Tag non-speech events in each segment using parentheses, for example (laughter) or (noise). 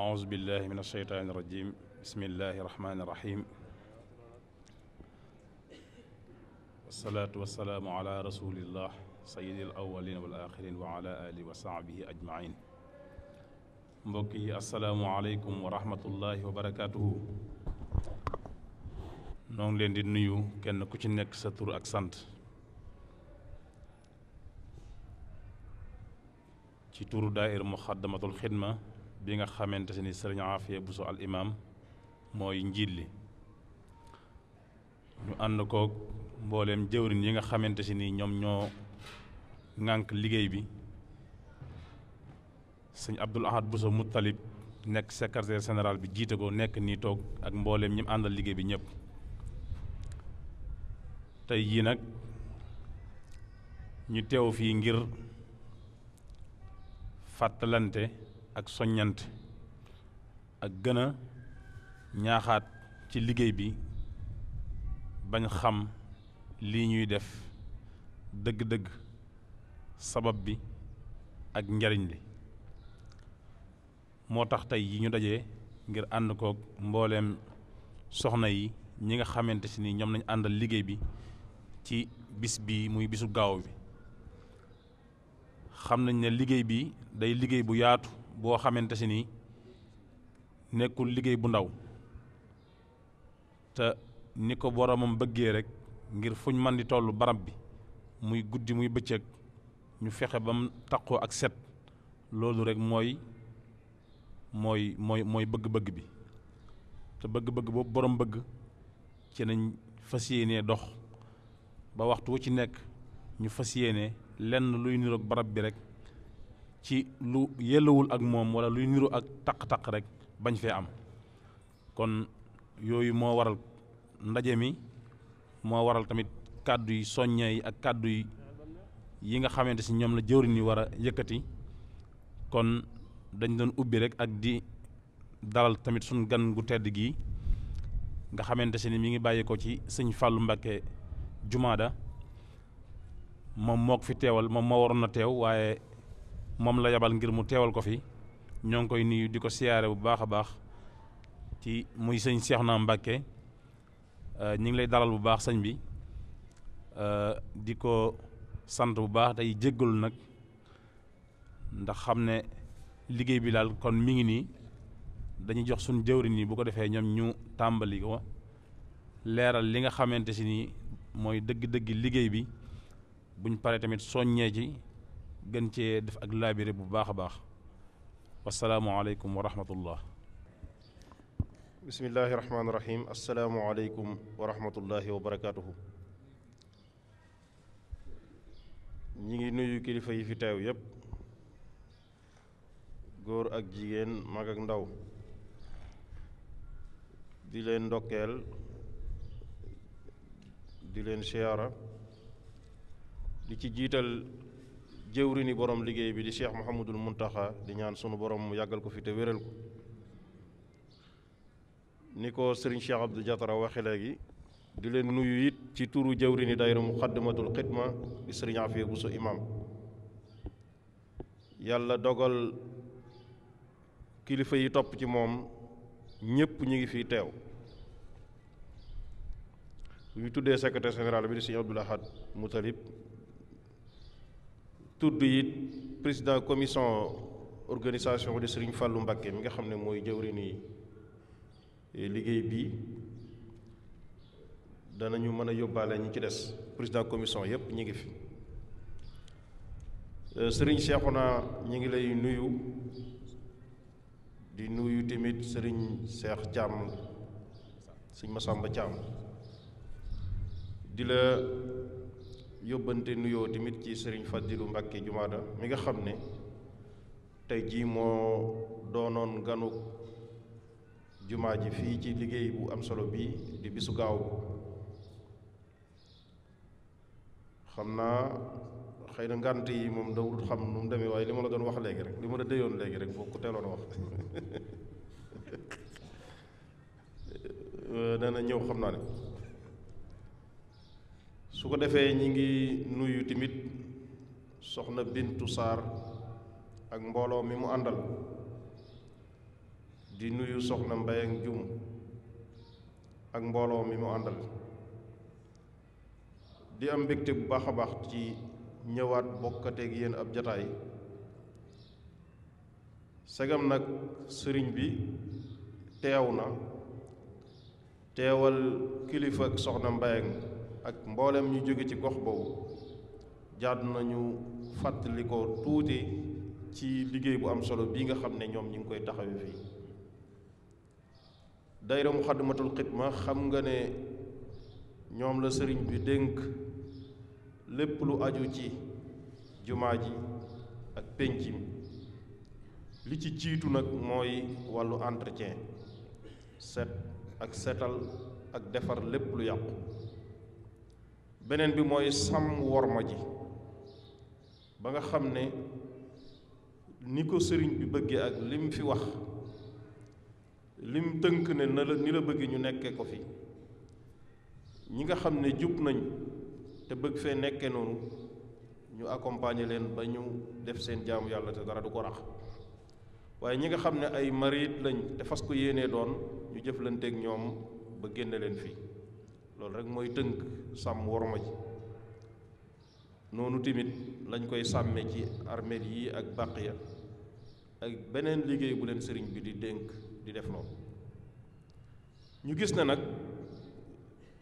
أعوذ بالله من الشيطان الرجيم بسم الله الرحمن الرحيم والصلاة والسلام على رسول الله سيد الأولين والآخرين وعلى آله وصحبه أجمعين yi asalaamualeykum ngi leen di nuyu kenn ku ci nekk sa tur ak sant ci turu daayir muxaddamatul xidma bi nga xamante ni sëriñ Afia Bousso al imam mooy njiit li ñu ànd koog mbooleem jëwrin yi nga xamante si ni ñoom ñoo ŋànk liggéey bi sëñ Abdul Ahad Bousso Muttalib nekk secrétaire général bi jiite ko nekk nii toog ak mbooleem ñi mu àndal liggéey bi ñëpp tey jii nag ñu teew fii ngir fàttalante ak soññant ak gëna ñaaxaat ci liggéey bi bañ xam lii ñuy def dëgg-dëgg sabab bi ak njariñ li moo tax tey yi ñu dajee ngir ànd kook mbooleem soxna yi ñi nga xamante si ni ñoom nañu àndal liggéey bi ci bis bi muy bisu gaaw bi xam nañ ne liggéey bi day liggéey bu yaatu boo xamante si ni nekkul liggéey bu ndaw te ni ko boromam bëggee rek ngir fuñ man di toll barab bi muy guddi muy bëccëg ñu fexe bam mu ak set loolu rek mooy mooy mooy mooy bëgg-bëgg bi te bëgg-bëgg boobu borom bëgg ci nañ fas yéenee dox ba waxtu wu ci nekk ñu fas yéene lenn luy niroog barab bi rek ci lu yellawul ak moom wala luy niru ak taq-taq rek bañ fee am kon yooyu moo waral ndaje mi moo waral tamit kàddu yi soññee ak kàddu yi yi nga xamante si ñoom la jëwriñ yi war a yëkkati kon dañ doon ubbi rek ak di dalal tamit suñ gan gu tedd gii nga xamante si ni mi ngi bàyyi ko ci sëñ fàllu Mbacké Jumaada moom moo fi teewal moom moo waroon na teew waaye moom la yabal ngir mu teewal ko fi ñoo ngi koy nuyu di ko siyaare bu baax a baax ci muy sëñ Seexuna Mbàkke euh, ñu ngi lay dalal bu baax sëñ bi euh, di ko sant bu baax tey jéggalu nag ndax xam ne liggéey bi daal kon mi ngi nii dañuy jox suñ jëwriñ yi bu ko defee ñoom ñu tàmbali ko leeral li nga xamante si nii mooy dëgg-dëgg liggéey bi buñ pare tamit soññee ci gën cee def ak laabire bu baax a baax wasalaamualeykum wa rahmatullah bismillahi rahmaani rahim asalaamualeykum wa rahmatullahi wa barakaatuhu ñi ngi nuyu kilifa yi fi teew yépp góor ak jigéen mag ak ndaw di leen ndokkeel di leen siyaara di ci jiital jëwrini borom liggéey bi di cheikh Mouhamadul Muntaxa di ñaan sunu borom mu yàggal ko fi te wéral ko ni ko sëriñ cheikh Abdou Diatara waxee léegi di leen nuyu it ci turu jëwrini mu muqaddamatul xidma di fiir bu Bousso imam yàlla dogal kilifa yi topp ci moom ñëpp ñu ngi fi teew bu ñu tuddee secrétaire général bi di sëriñ Abdoul Ahad Moutalib tudd it président commission organisation de Serigne Fallou Mbacké mi nga xam ne mooy nii liggéey bi dana ñu mën a yóbbaale ñu ci des président commission yépp ñu ngi fi sëriñ euh, Serigne Cheikhouna ñu ngi lay nuyu di nuyu tamit Serigne Cheikh Thiam Serigne Massamba Thiam di la yóbbante nuyoo tamit ci sëriñ Fadilu Mbàkke Jumaada mi nga xam ne tey jii moo doonoon ganu jumaa ji fii ci liggéey bu am solo bii di bisu gaaw xam naa xëy na ngànt yi moom dawul xam nu mu demee waaye li ma la doon wax léegi rek li ma la déyoon léegi rek boo ko teeloon wax (laughs) euh, dana ñëw xam naa ne su ko defee ñi ngi nuyu tamit soxna Bintu Saar ak mbooloo mi mu àndal di nuyu soxna Mbay ak Jum ak mbooloo mi mu àndal di am mbégte bu baax a baax ci ñëwaat bokkateeg yéen ab jataay segam nag sëriñ bi teew na teewal kilifa ak soxna Mbay ak mboolem ñu jóge ci gox boobu jaadu nañu fàttali ko tuuti ci liggéey bu am solo bii nga xam ne ñoom ñu ngi koy taxawee fii dayra muxaddamatul xidma xam nga ne ñoom la sëriñ bi dénk lépp lu aju ci jumaa ji ak pénc li ci jiitu nag mooy wàllu entretien set ak setal ak defar lépp lu yàqu beneen bi mooy sàmm worma ji ba nga xam ne ni ko sëriñ bi bëggee ak lim fi wax lim tënk ne na la ni la bëgg ñu nekkee ko fi ñi nga xam ne jub nañ te bëgg fee nekke noonu ñu accompagner leen ba ñu def seen jaamu yàlla te dara du ko rax waaye ñi nga xam ne ay marit lañ te fas ko yéenee doon ñu jëflanteeg ñoom ba génne leen fii loolu rek mooy tënk sàmm worma ji noonu tamit lañ koy sàmme ci armeel yi ak bàq ya ak beneen liggéey bu leen sëriñ bi di dénk di def loolu ñu gis ne nag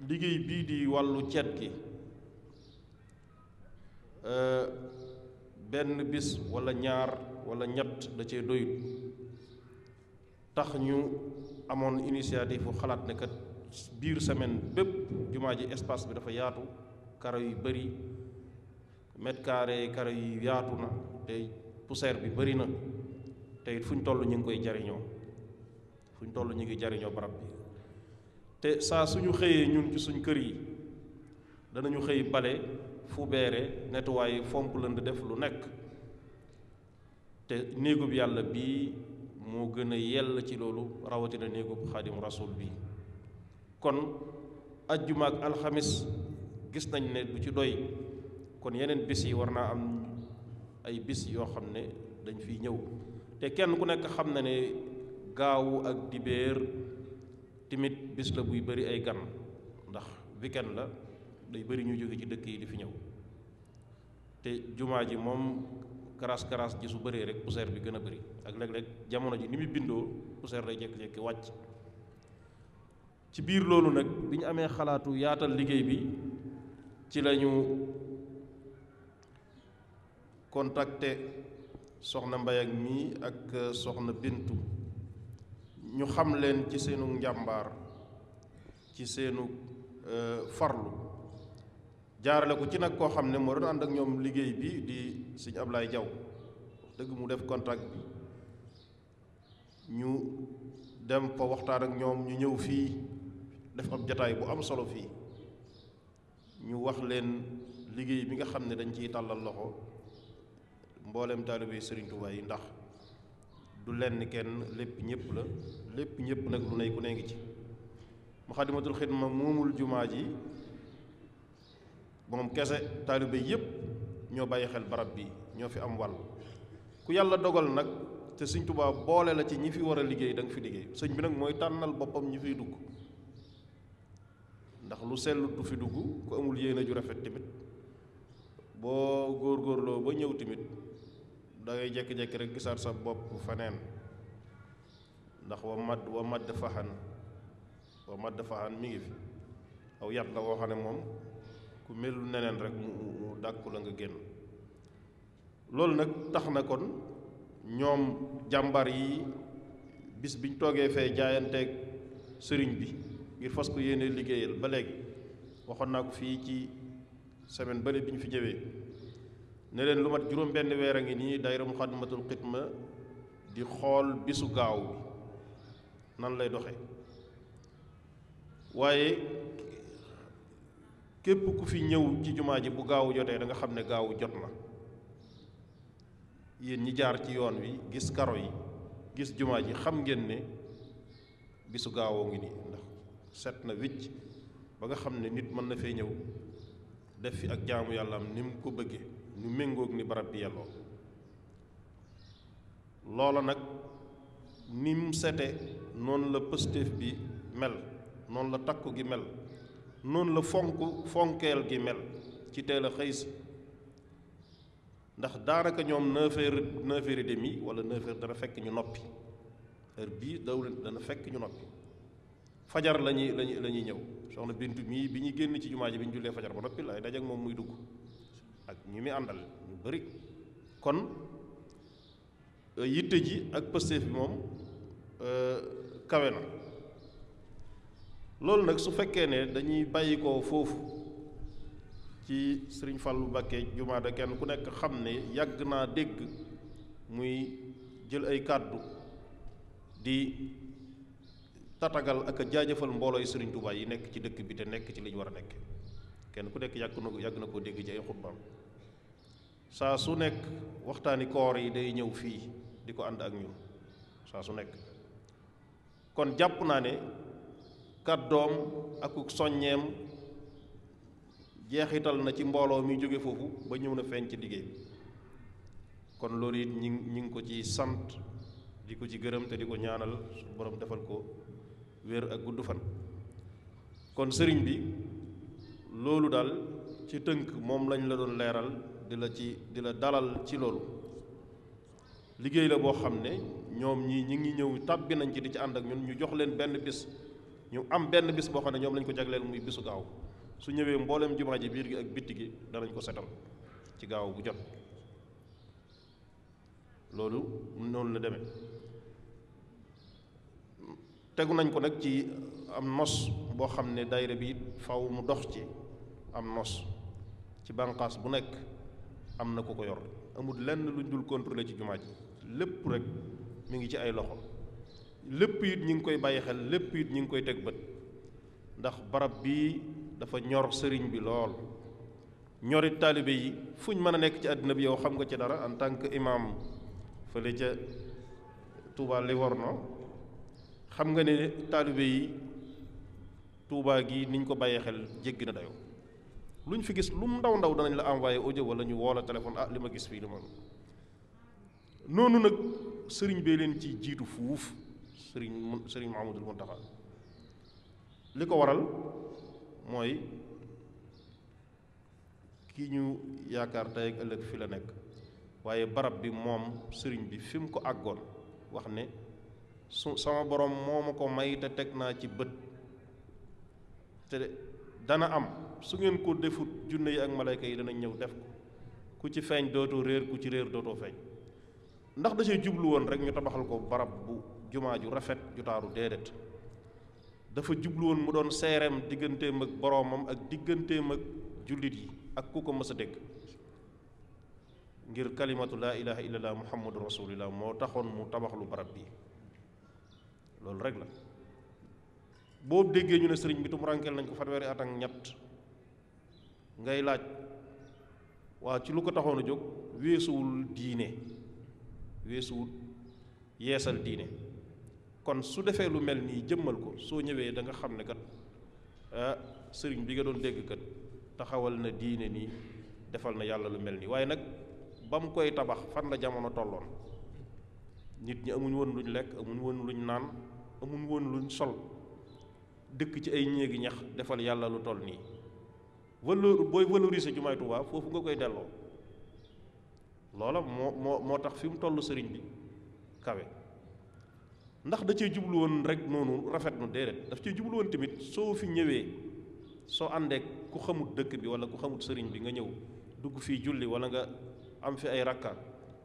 liggéey bii di wàllu ceet gi benn bis walla ñaar walla ñett da cee doyut tax ñu amoon initiative bu xalaat ne kat biir semaine bépp jumaa ji espace bi dafa yaatu karo yu bëri mètre yi karo yu yaatu na te poussière bi bari na te it fu ñu toll ñu ngi koy jariñoo fu ñu toll ñu ngi jariñoo barab bi te saa suñu xëyee ñun ci suñ kër yi danañu xëy bale fubeere nettoyé fomp lënd def lu nekk te néegub yàlla bii moo gën a yell ci loolu rawatina néegub xaadim rasul bii kon ajjuma ak alxamis gis nañ ne du ci doy kon yeneen bis yi war naa am ay bis yoo xam ne dañ fiy ñëw te kenn ku nekk xam na ne gaawu ak dibéer timit bis la buy bari ay gan ndax weekend la day bëri ñu jóge ci dëkk yi di fi ñëw te jumaa ji moom karaas karaas ji su bëree rek poussière bi gën a bëri ak léeg-léeg jamono ji ni muy bindoo poussière day jékki-jékki wàcc ci biir loolu nag bi ñu amee xalaatu yaatal liggéey bi ci lañu ñu contacté soxna Mbaye ak mii ak euh, soxna Bintu ñu xam leen ci seenu njàmbaar ci seenu euh, farlu jaarale ko ci nag koo xam ne moo doon ànd ak ñoom liggéey bi di siñ Ablaye Diaw wax dëgg mu def contact bi ñu dem fa waxtaan ak ñoom ñu ñëw fii def ab jataay bu am solo fii ñu wax leen liggéey bi nga xam ne dañ ci tàllal loxo mbooleem taalibe Sëriñ Tuubaa yi ndax du lenn kenn lépp ñëpp la lépp ñëpp nag lu nay ku nee ngi ci Muxaddamatul Xidma moomul jumaa ji moom kese taalibe yëpp ñoo bàyyi xel barab bi ñoo fi am wàll ku yàlla dogal nag te Sëriñ Tuubaa boole la ci ñi fi war a liggéey da nga fi liggéey sëñ bi nag mooy tànnal boppam ñu fiy dugg ndax lu sellut du fi dugg ku amul yéene ju rafet tamit boo góor góorgóorloo ba ñëw tamit da ngay jékki-jékki rek gisaat sa bopp faneen ndax wa madd wa madd faxan wa madd faxan mi ngi fi aw yat la woo xam ne moom ku melul neneen rek mu mu dàkku la nga génn loolu nag tax na kon ñoom jàmbar yi bis biñ toogee fee jaayanteeg sëriñ bi ngir fas ko yéene liggéeyal ba léegi waxoon naa ko fii ci semaine bële bi ñu fi jëwee ne leen lu mat juróom benn weer a ngi nii matul xit ma di xool bisu gaaw bi nan lay doxe waaye képp ku fi ñëw ci jumaa ji bu gaawu jotee da nga xam ne gaawu jot na yéen ñi jaar ci yoon wi gis karo yi gis jumaa ji xam ngeen ne bisu gaawoo ngi nii ndax seet na wicc ba nga xam ne nit mën na fee ñëw def fi ak jaamu yàlla am ni mu ko bëggee ñu méngoog ni barab bi yelloo loola nag ni mu sete noonu la pëstéef bi mel noonu la takku gi mel noonu la fonk fonkeel gi mel ci teel a ndax daanaka ñoom neuf heures neuf heures et demi wala neuf dana fekk ñu noppi heure bii daw dana fekk ñu noppi fajar la ñuy lañu la ñëw soxna bint mii bi ñu génn ci jumaa ji bi ñu jullee fajar ba noppi laay daje ak moom muy dugg ak ñi muy àndal ñu bari kon euh, yitte ji ak pësteef bi moom euh, kawe na loolu nag su fekkee ne dañuy bàyyi ko foofu ci sëriñ Fàllu Mbàkke jumaa da kenn ku nekk xam ne yàgg naa dégg muy jël ay kàddu di tatagal ak a jaajëfal mboolooy Serigne Touba yi nekk ci dëkk bi te nekk ci li ñu war a nekk kenn ku nekk yàgg na yàgg na koo dégg ci ay xutbaam saa su nekk waxtaani koor yi day ñëw fii di ko ànd ak ñun saa su nekk kon jàpp naa ne kàddoom ak soññeem jeexital na ci mbooloo mi jóge foofu ba ñëw na feeñ ci liggéey kon loolu it ñu ñi ngi ko ci sant di ko ci gërëm te di ko ñaanal borom defal ko wér ak gudd fan kon sëriñ bi loolu daal ci tënk moom lañ la doon leeral di la ci di la dalal ci loolu liggéey la boo xam ne ñoom ñii ñi ngi ñëw tàbbi nañ ci di ci ànd ak ñun ñu jox leen benn bis ñu am benn bis boo xam ne ñoom lañ ko jagleel muy bisu gaaw su ñëwee mbooleem jumaa ji biir gi ak bitti gi danañ ko setal ci gaaw bu jot loolu noonu la demee tegu nañ ko nag ci am nos boo xam ne dayre bi faw mu dox ci am nos ci banqaas bu nekk am na ku ko yor amul lenn luñ dul contrôler ci jumaa ji lépp rek mi ngi ci ay loxo lépp it ñu ngi koy bàyyi xel lépp it ñu ngi koy teg bët ndax barab bi dafa ñor sëriñ bi lool ñorit taalibe yi fu ñu mën a nekk ci àddina bi yow xam nga ci dara en tant que imam fële ca Touba Livorno xam nga ne taalibe yi Touba gi niñ ko bàyyee xel jéggi na dayoo luñ fi gis lu ndaw ndaw danañ la envoyé audio wala ñu woo la téléphone ah, li ma gis fii li ma noonu nag sëriñ bee leen ci jiitu fuuf sëriñ sëriñ Mouhamadul Mountakha li ko waral mooy kii ñu yaakaar tey ak ëllëg fii la nekk waaye barab bi moom sëriñ bi fi ko aggoon wax ne su sama borom moo ma ko may te teg naa ci bët te dana am su ngeen ko defut junne yi ak malayka yi danañ ñëw def ko ku ci feeñ dootoo réer ku ci réer dootoo feeñ ndax da jublu woon rek ñu tabaxal ko barab bu jumaa ju rafet ju taaru déedéet dafa jublu woon mu doon seereem digganteem ak boroomam ak digganteem ak jullit yi ak ku ko mës a dégg ngir kalimatu laa ilaha illallah muhammadu rasulillah moo taxoon mu tabaxlu barab bi loolu rek la boo déggee ñu ne sëriñ bi tumurànkeel nañ ko fanweeri at ak ñett ngay laaj waa ci lu ko taxoon a jóg weesuwul diine weesuwul yeesal diine kon su defee lu mel nii jëmmal ko soo ñëwee danga xam ne kat ah, sëriñ bi nga doon dégg kat taxawal na diine nii defal na yàlla lu mel nii waaye nag ba koy tabax fan la jamono tolloon nit ñi amuñ woon luñ lekk amuñ woon luñ naan amun woon lu sol dëkk ci ay ñéegi ñax defal yàlla lu toll nii valeur booy valoriser jumaay Tuubaa foofu nga koy delloo loola moo moo moo tax fi mu toll sëriñ bi kawe ndax da cee jublu woon rek noonu rafet nu déedéet daf cee jublu woon tamit soo fi ñëwee soo àndee ku xamut dëkk bi wala ku xamut sëriñ bi nga ñëw dugg fii julli wala nga am fi ay rakka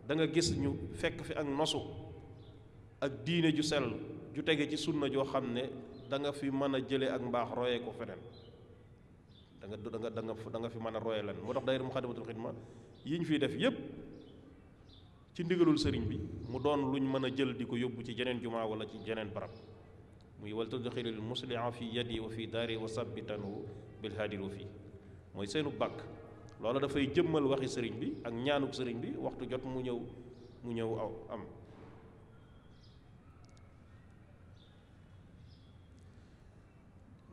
danga gis ñu fekk fi ak nosu ak diine ju sell ju tege ci sunna joo xam ne da nga fi mën a jëlee ak mbaax royee ko feneen danga nga danga nga da nga fi mën a royee lan moo tax daayira Muxaddamatul Xidma yi ñu fiy def yépp ci ndigalul sëriñ bi mu doon luñ mën a jël di ko yóbbu ci jeneen jumaa wala ci jeneen barab muy wal tudxilil musliha fi yadi wa fi daari wa sabbitanu bil haadil wa fii mooy seenu bàkk loola dafay jëmmal waxi sëriñ bi ak ñaanuk sëriñ bi waxtu jot mu ñëw mu ñëw aw am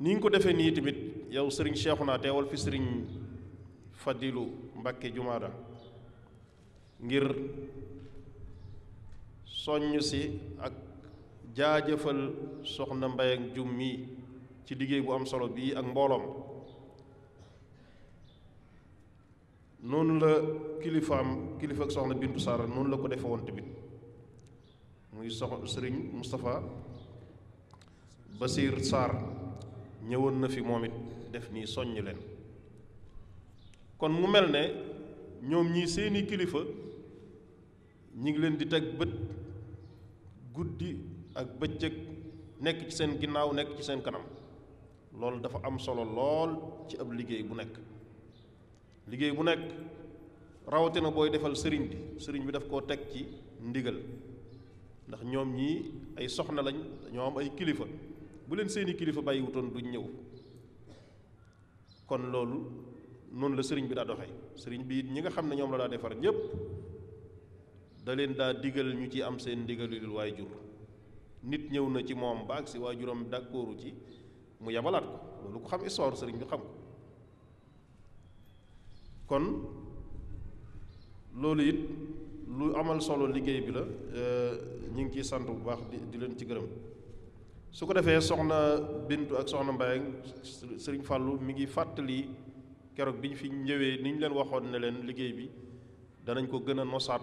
niñ ko defee nii tamit yow sëriñ Cheikhouna teewal fi sëriñ Fadilu Mbàkke Jumaada ngir soññ si ak jaajëfal soxna Mbay ak Jum mi ci liggéey bu am solo bii ak mbooloom noonu la kilifaam kilifa ak soxna Bintu Saara noonu la ko defe woon tamit muy sox sëriñ Moustapha Basir Sarr ñëwoon na fi moom it def nii soññ leen kon mu mel ne ñoom ñii seeni kilifa ñi ngi leen di teg bët guddi ak bëccëg nekk ci seen ginnaaw nekk ci seen kanam loolu dafa am solo lool ci ab liggéey bu nekk liggéey bu nekk rawatina booy defal sëriñ bi sëriñ bi daf koo teg ci ndigal ndax ñoom ñii ay soxna lañ dañoo am ay kilifa bu leen seeni kilifa bàyyiwutoon duñ ñëw kon loolu noonu la sëriñ bi daa doxee sëriñ bi ñi nga xam ne ñoom la daa defar ñépp da leen daa digal ñu ci am seen ndigalul waajur nit ñëw na ci moom ba agsi waajuram dàkkooru ci mu yabalaat ko loolu ko xam histoire sëriñ bi xam ko kon loolu it lu amal solo liggéey bi la euh, ñu ngi ciy sant bu baax di di leen ci gërëm su ko defee soxna Bintu ak soxna Mbaye sëriñ Fàllu mi ngi fàttali keroog bi ñu fi ñëwee ni ñu leen waxoon ne leen liggéey bi danañ ko gën a nosaat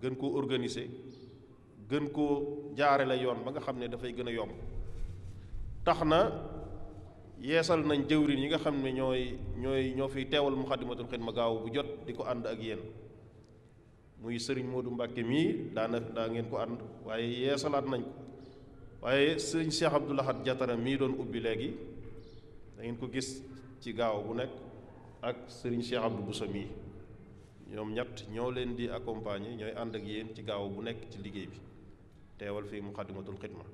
gën koo organiser gën koo jaare la yoon ba nga xam ne dafay gën a yomb tax na yeesal nañ jëwrin yi nga xam ne ñooy ñooy ñoo fiy teewal Muxaddamatul ma gaaw bu jot di ko ànd ak yéen muy sëriñ Modou Mbàkke mii daana daa ngeen ko ànd waaye yeesalaat nañ ko waaye sëñ Cheikh Abdou Lahad Diatara mii doon ubbi léegi da ngeen ko gis ci gaaw bu nekk ak sëriñ Cheikh Abdou Bousso mii ñoom ñett ñoo leen di accompagner ñooy ànd ak yéen ci gaaw bu nekk ci liggéey bi teewal fii Muxaddamatul ma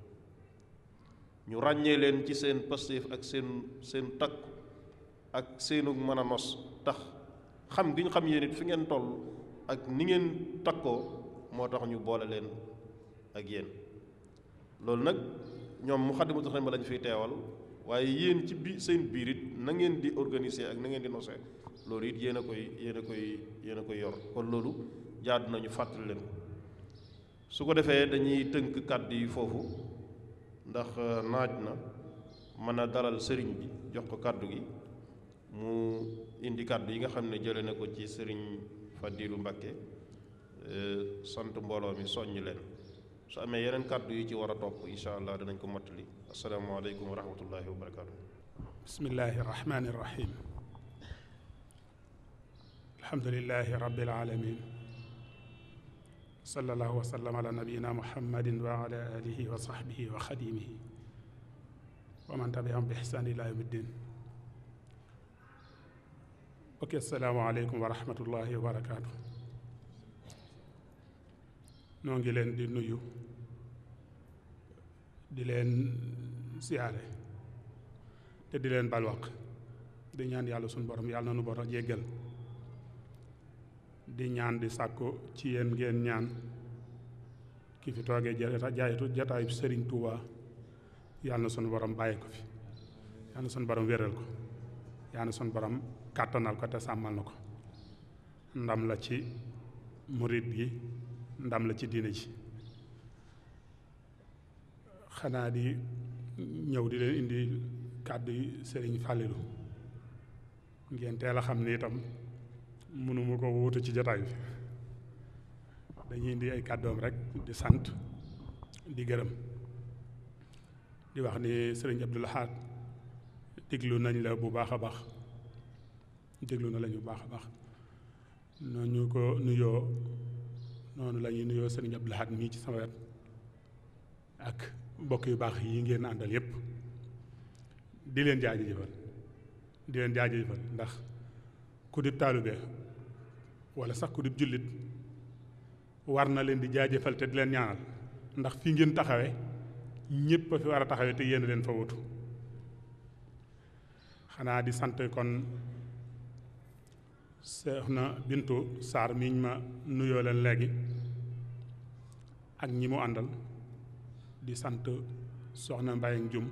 ñu ràññee leen ci seen pastéef ak seen seen takku ak seenu mën a nos tax xam gi ñu xam yéen it fi ngeen toll ak ni ngeen takkoo moo tax ñu boole leen ak yéen loolu nag ñoom mu xaddimatul xidma lañ fiy teewal waaye yéen ci bi seen biir it nangeen di organiser ak nangeen ngeen di nose loolu it yéen a koy yéen a koy yéen a koy yor kon loolu jaadu nañu fàttali leen su ko defee dañuy tënk kàddu yi foofu ndax euh, naaj na mën a dalal sëriñ bi jox ko kàddu gi mu indi kàddu yi nga xam ne jële na ko ci sëriñ fa Fadilu Mbàkke euh, sant mbooloo mi soññ leen so amee yeneen kàddu yi ci war a topp incha allah dinañ ko mottali asalaamaaleykum wa rahmatullahi wa barakaatu. bismillahi rahmaani rahim. alhamdulilahi alamin. sallallahu wa ala nabiyina muhammadin wa ala alihi wa sahbihi bi ihsan ila ok asalaamaaleykum wa rahmatullahi wa noo ngi leen di nuyu di leen siyaare te di leen balwaq di ñaan yàlla suñu borom yàlla na nu borom jéggal di ñaan di sàkku ci yéen ngeen ñaan ki fi toogee jaayatu jataayu sëriñ Touba yàlla na suñu borom bàyyi ko fi yàlla na borom wéral ko yàlla na suñu borom kàttanal ko te sàmmal na ko ndam la ci murit gi ndam la ci diine ji xanaa di ñëw di leen indi kàddu yi sëriñ Fàllilu ngeen teel a xam ni itam mënuma ko wuutu ci jataay bi dañuy indi ay kàddoom rek di sant di gërëm di wax ni sëriñ Abdul Ahad déglu nañ la bu baax a baax déglu na lañu bu baax a baax noonu ñu ko nuyoo noonu la ñuy nuyoo seen Abdou Lahad mii ci sama wet ak mbokk yu baax yi ngeen àndal yépp di leen jaajëfal di leen jaajëfal ndax ku di taalube wala sax ku di war na leen di jaajëfal te di leen ñaanal ndax fii ngeen taxawe ñépp a fi war a taxawe te yéen leen fa wutu xanaa di sant kon Soxna Bintu Sarr miñ ma nuyoo leen léegi ak ñi mu àndal di sant Soxna Mbaye Njum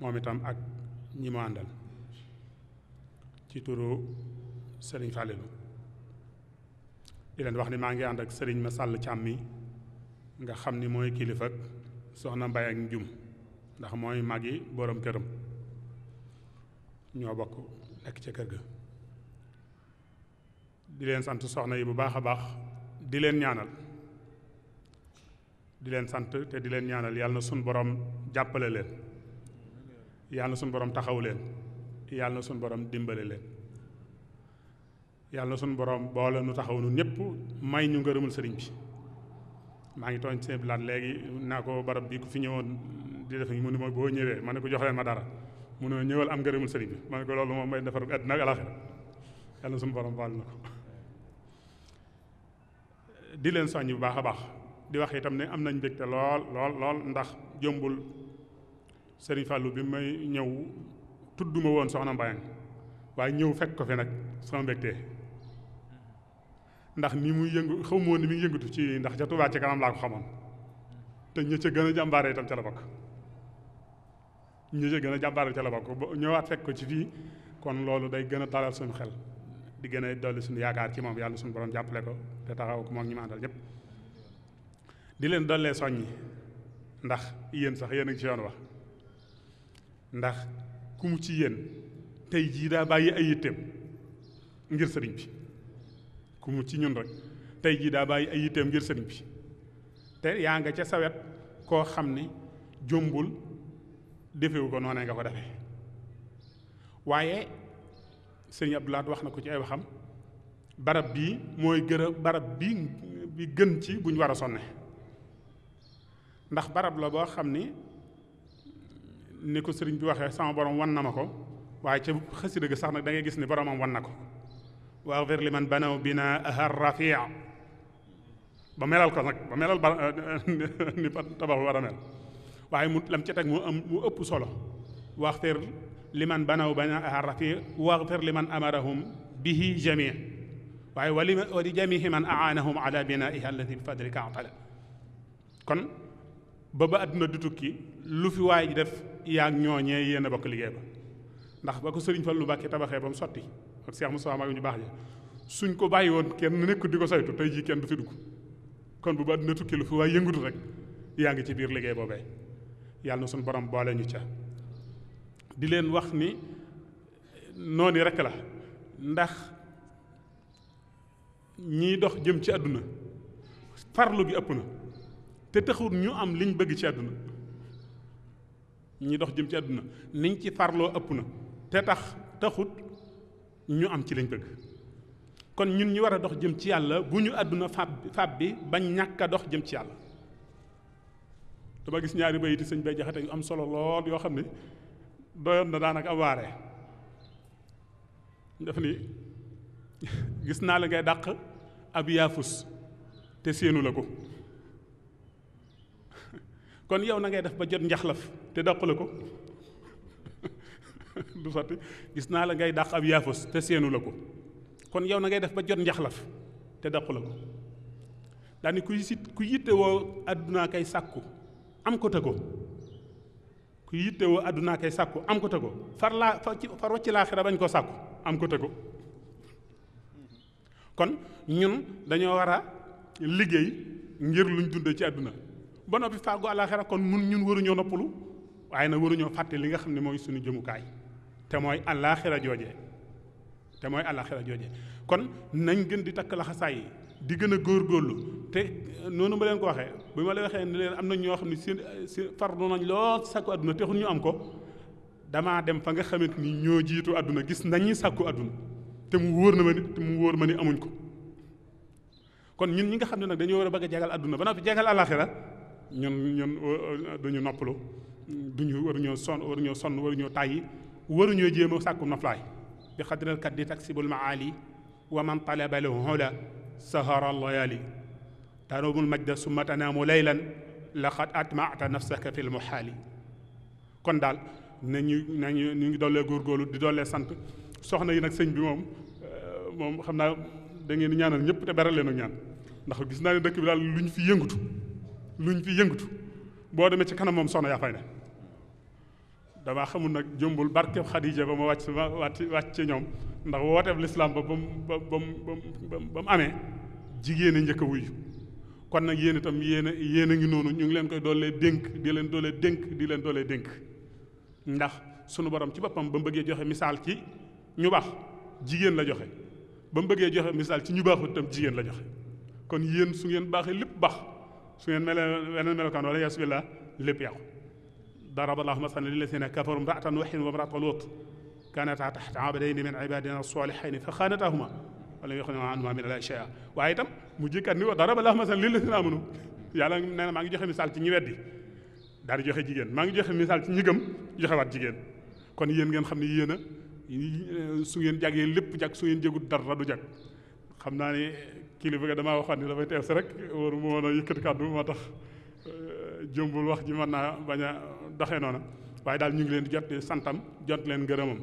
moom itam ak ñi mu àndal ci sëriñ Serigne Fallilou di leen wax ni maa ngi ànd ak sëriñ ma sàll càmm mi nga xam ni mooy kilifa Soxna Mbaye ak Njum ndax mooy magi boroom këram ñoo bokk nekk ca kër ga di leen sant soxna yi bu baax a baax di leen ñaanal di leen sant te di leen ñaanal yàlla na suñ borom jàppale leen yàlla na suñ borom taxaw leen yàlla na suñ borom dimbale leen yàlla na borom boole nu taxaw nu ñëpp may ñu ngërëmul sëriñ ngi tooñ seen bilaat léegi naa ko bi ku ñëwoon di def mu boo ñëwee ma ne ko jox leen ma dara mu ne ñëwal am ngërëmul sëriñ bi ma ne ko loolu moom may defaru àddina ak alaxira na suñu borom baal na ko di leen soññ bu baax a baax di wax itam ne am nañ mbégte lool lool lool ndax jombul Serigne Fallou bi may ñëw tudduma woon soxna Mbayang waaye ñëw fekk ko fi nag sama mbégte ndax ni muy yëngu xaw ni muy yëngatu ci ndax ca Touba ci kanam laa ko xamoon te ña ca gën a jàmbaare itam ca bokk ña ca a jàmbaare ca la bokk ñëwaat fekk ko ci fii kon loolu day gën a dalal suñu xel. di gën a dolli suñu yaakaar ci moom yàlla suñu borom jàppale ko te taxaw ko moom ñi ma di leen dollee soññi ndax yéen sax yéen a ci yoon wax ndax ku mu ci yéen tey jii daa bàyyi ay yitteem ngir sëriñ bi ci ñun rek tey jii daa bàyyi ay yitteem ngir sëriñ bi te yaa nga ca sawet koo xam ni jombul defewu ko noonee nga ko defee waaye sëriñ Abdou wax na ko ci ay waxam barab bii mooy gën barab bii bi gën ci buñ war a sonne ndax barab la boo xam ni ni ko sëriñ bi waxee sama borom wan na ma ko waaye ca xasida ga sax nag dangay gis ni boromam wan na ko wa agfir liman banaw bina ahar rafi ba melal ko nag ba melal ba (laughs) ni tabax war a mel waaye mu lam ca teg mu am ëpp solo waxteer liman banaw banaaha rafi waxfir liman amarahum bihi jamii waaye wali wali jamihi man aanahum ala binaiha allati bi fadlika atala kon ba ba àdduna di tukki lu fi waay def yaa yaag ñooñee yéen a bokk liggéey ba ndax ba ko sëriñ Fallu Mbàkke tabaxee ba mu sotti ak Seex Musaa mag ñu baax ja suñ ko bàyyi woon kenn nekk di ko saytu tey jii kenn du fi dugg kon bu ba àdduna tukki lu fi waay yëngutu rek yaa ngi ci biir liggéey boobee yàlla na suñu borom boole ñu ca di leen wax ni noonu rekk la ndax ñiy dox jëm ci àdduna farlu gi ëpp na te taxul ñu am liñ bëgg ci àdduna ñiy dox jëm ci àdduna niñ ci farloo ëpp na te tax taxut ñu am ci liñ bëgg kon ñun ñu war a dox jëm ci yàlla bu ñu àdduna fab fab bi bañ ñàkk a dox jëm ci yàlla dama gis ñaari bayiti sëñ bay jaxate yu am solo lool yoo xam ne doyoon na daanaka awaare daf ni gis naa la ngay dàq ab yaafus te séenu la ko kon yow na ngay def ba jot njaxlaf te dàqu la ko (laughs) du sotti gis naa la ngay dàq ab yaafus te séenu la ko kon yow na ngay def ba jot njaxlaf te dàqu la ko daani kuy sit ku yitte woo àdduna kay sàkku am ko te ko ku yittewoo àddunaa koy sàkku am ko te far laa far wacc laaxira bañ koo sàkku am ko te ko kon ñun dañoo war a liggéey ngir luñ dundee ci àdduna ba noppi fàggu àlaaxira kon mun ñun waruñoo noppalu waaye na waruñoo fàtte li nga xam ne mooy suñu jëmukaay te mooy àlaaxira jooje te mooy àlaaxira jooje kon nañ gën di takk laxasaay yi di gën a góorgóorlu te eh, noonu ma leen ko waxee bu ma leen leen am na ñoo xam ne si seen farlu nañ lool sakku àdduna texul ñu am ko damaa dem fa nga xamante ni ñoo jiitu àdduna gis nañuy sakku àdduna te mu wóor na ma ni mu wóor ma ni amuñ ko kon ñun ñi nga xam ne nag dañoo war a bëgg a jagal àdduna ba noppi jagal àlaxira ñun ñun uh, uh, duñu noppalu duñu waruñoo sonn waruñoo sonn waruñoo tàyyi waruñoo jéem a sàkku noflaay bi xadral kat di ma maali wa man talaba lahu sahara layali tanuumul majda summa tanaamu laylan laqad atmata nafsaka fi lmuhaali kon daal nañu nañu ñu ngi góor góorgóorlu di doolee sant soxna yi nag sëñ bi moom euh, moom xam naa da ngeen ñaanal ñëpp te beral leen ak ñaan ndax gis naa ne dëkk bi daal lu ñu fi yëngatu lu ñu fi yëngatu boo demee ci kanam moom soxna yaa fay damaa xamul nag jëmbul barke Xadija ba ma wàcc ma wàcc ci ñoom ndax wooteeb lislaam ba ba mu ba mu ba mu amee jigéen a njëkk a wuyu kon nag yéen itam yéen a yéen a ngi noonu ñu ngi leen koy doolee dénk di leen doolee dénk di leen doolee dénk ndax sunu borom ci boppam ba bëggee joxe misaal ci ñu baax jigéen la joxe ba mu bëggee joxe misaal ci ñu baaxut itam jigéen la joxe kon yéen su ngeen baaxee lépp baax su ngeen melee weneen melokaan wala yasubillah lépp yàqu dara ba masalan lillaziina kafaru imra'ata nuuhin wa imra'ata luut kaanataa tahta abdayni min ibaadinaa saalihayni fa xaanataahumaa walam yughniyaa anhumaa mina llaahi shay'an waaye itam mu jëkkat ni daraba llaahu masalan lillaziina aamanu yàlla nee na maa ngi joxe misaal ci ñi weddi daal di joxe jigéen maa ngi joxe misaal ci ñi gëm joxe waat jigéen kon yéen ngeen xam ne yéen a su ngeen jagee lépp jag su ngeen jëgut dara du jag xam naa ne kilifa ga damaa waxaat ni dafay teew si rek waru ma woon a yëkkati moo tax jëmbul wax ji ma naa bañ doxee noona waaye daal ñu ngi leen di jot santam jot leen ngërëmam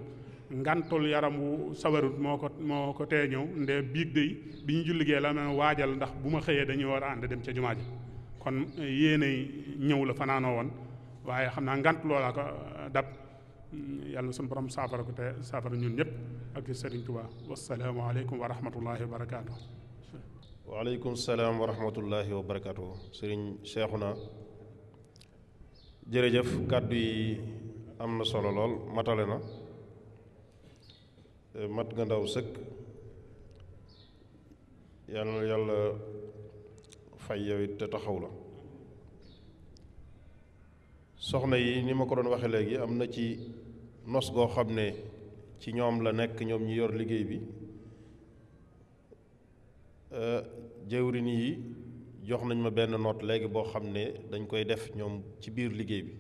ngantul yaram wu sawarut moo ko moo ko tee ñëw nde biig day bi ñu julligee la ma waajal ndax bu ma xëyee dañuy war a ànd dem ca jumaa ji kon eh, yéene ñëw la fanaanoo woon waaye xam naa ngant loolaa ko eh, dab mm, yàlla na suñu borom saafara ko te saafara ñun ñëpp ak Serigne Touba wasalaamu aleykum wa rahmatullahi wa barakaatu. waaleykum salaam wa rahmatullahi wa barakaatu Serigne Cheikhouna jërëjëf kàddu yi am na solo lool matale na eh, mat nga ndaw sëkk yal na yàlla fay yow te taxaw la soxna yi ni ma ko doon waxe léegi am na ci nos goo xam ne ci ñoom la nekk ñoom ñi yor liggéey bi eh, jëwrin yi jox nañ ma benn note léegi boo xam ne dañ koy def ñoom ci biir liggéey bi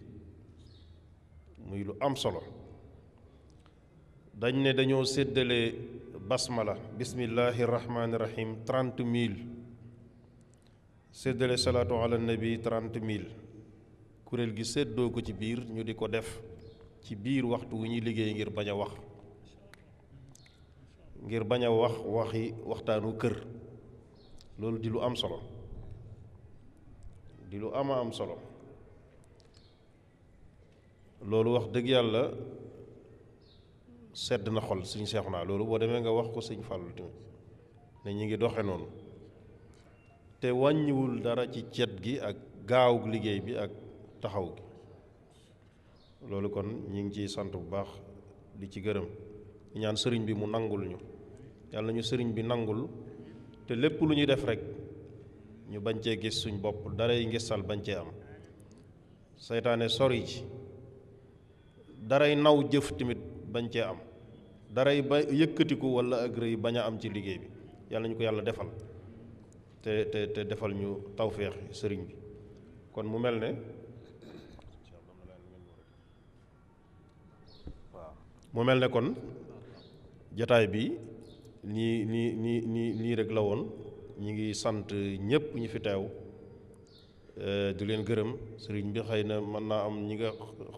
muy lu am solo dañ ne dañoo séddale basmala bismillahi rahmaani rahim trente mille séddale salaatu ala nabi trente mille kuréel gi séddoo ko ci biir ñu di ko def ci biir waxtu wu ñuy liggéey ngir bañ a wax ngir bañ a wax waxi waxtaanu kër loolu di lu am solo di lu ama am solo loolu wax dëgg yàlla sedd na xol suñu seexu naa loolu boo demee nga wax ko sëñ Fallou tamit ne ñu ngi doxe noonu te wàññiwul dara ci cet gi ak gaawug liggéey bi ak taxaw gi loolu kon ñu ngi ciy sant bu baax di ci gërëm ñaan sëriñ bi mu nangul ñu yàlla ñu sëriñ bi nangul te lépp lu ñuy def rekk ñu bañ cee gis suñ bopp dara yi ngistal bañ cee am seytaane sori ci daray naw jëf tamit bañ cee am daray ba yëkkatiku wala ak yi bañ a am ci liggéey bi yàlla ñu ko yàlla defal te te te defal ñu tawféex sëriñ bi kon mu mel ne waaw mu mel ne kon jataay bi nii nii nii nii nii rek la woon ñi ngi sant ñëpp ñu fi teew eh, di leen gërëm sëriñ bi xëy na mën naa am ñi nga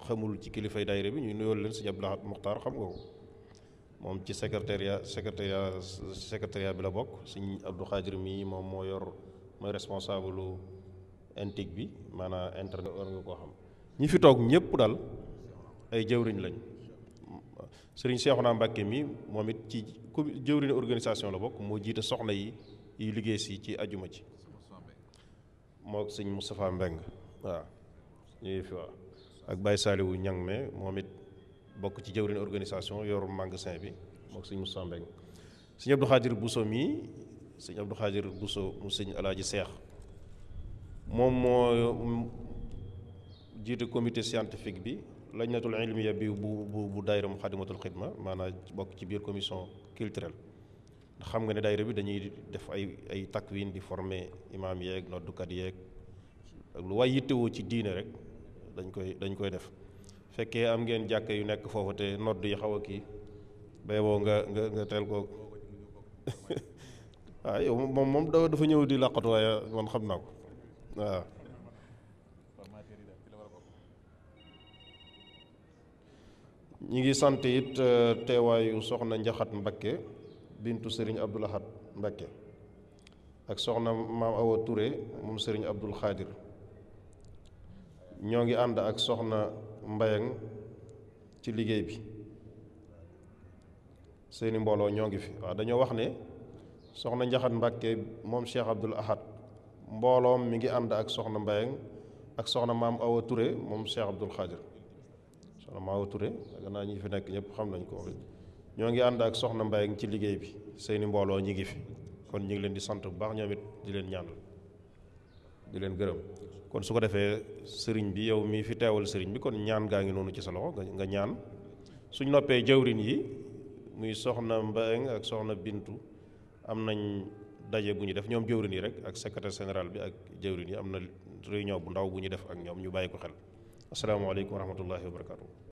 xamul ci kilifay daayira bi ñu nuyool leen sëñ Abdou Lahad Muxtaar xam nga ko moom ci secrétariat secrétariat secrétariat bi la bokk suñ Abdou Xaadir mii moom moo yor mooy responsable lu intique bi maanaam internet war xam ñi fi toog ñëpp daal ay jëwriñ lañ sëriñ Seexuna Mbàkke mi moom it ci jëwriñu organisation la bokk moo jiite soxna yi yu liggéey si ci ajuma ci moo ak sëñ Moustapha Mbeng waaw ñu fi waaw ak Baye Saliou Ñang me moom it bokk ci jëwrin organisation yor magasin bi moo ak sëñ Moustapha Mbeng sëñ Abdou Khadir Bousso mii sëñ Abdou Khadir Bousso mu sëñ Alaaji Seex moom moo jiite comité scientifique bi lajnatul ilmiya bi bu bu bu daayira mu xadimatul xidma maanaam bokk ci biir commission culturel xam nga ne daayira bi dañuy def ay ay takwin di former imaam yeeg noddukat yeeg ak lu waay yittewoo ci diine rek dañ koy dañ koy def fekkee am ngeen jàkka yu nekk foofu te nodd yi xaw a kii bay boo nga nga nga teel ko (laughs) waaw moom moom dafa ñëw di làqatu waaye man xam naa ko waaw ñi ngi sant it euh, teewaayu soxna Njaxat Mbakke bintu sëriñ Abdul Ahad Mbakke ak soxna maam Awa Touré moom sëriñ Abdul Xaadir ñoo ngi ànd ak soxna Mbayang ci liggéey bi seeni mbooloo ñoo ngi fi waaw dañoo wax ne soxna Njaxat Mbakke moom Cheikh Abdul Ahad mbooloom mi ngi ànd ak soxna Mbayang ak soxna maam Awa Touré moom Cheikh Abdul Xaadir soxna maam Awa Touré gannaaw ñi fi nekk ñëpp xam nañ ko ñoo ngi ànd ak soxna Mbaye ngi ci liggéey bi seeni mbooloo ñi ngi fi kon ñu ngi leen di sant bu baax ñoom it di leen ñaanal di leen gërëm kon su ko defee sëriñ bi yow mii fi teewal sëriñ bi kon ñaan gaa ngi noonu ci sa loxo nga ñaan suñ noppee jëwrin yi muy soxna Mbaye ak soxna Bintu am nañ daje bu ñu def ñoom jëwrin yi rek ak secrétaire général bi ak jëwrin yi am na réunion bu ndaw bu ñu def ak ñoom ñu bàyyi ko xel asalaamaaleykum wa rahmatullahi wa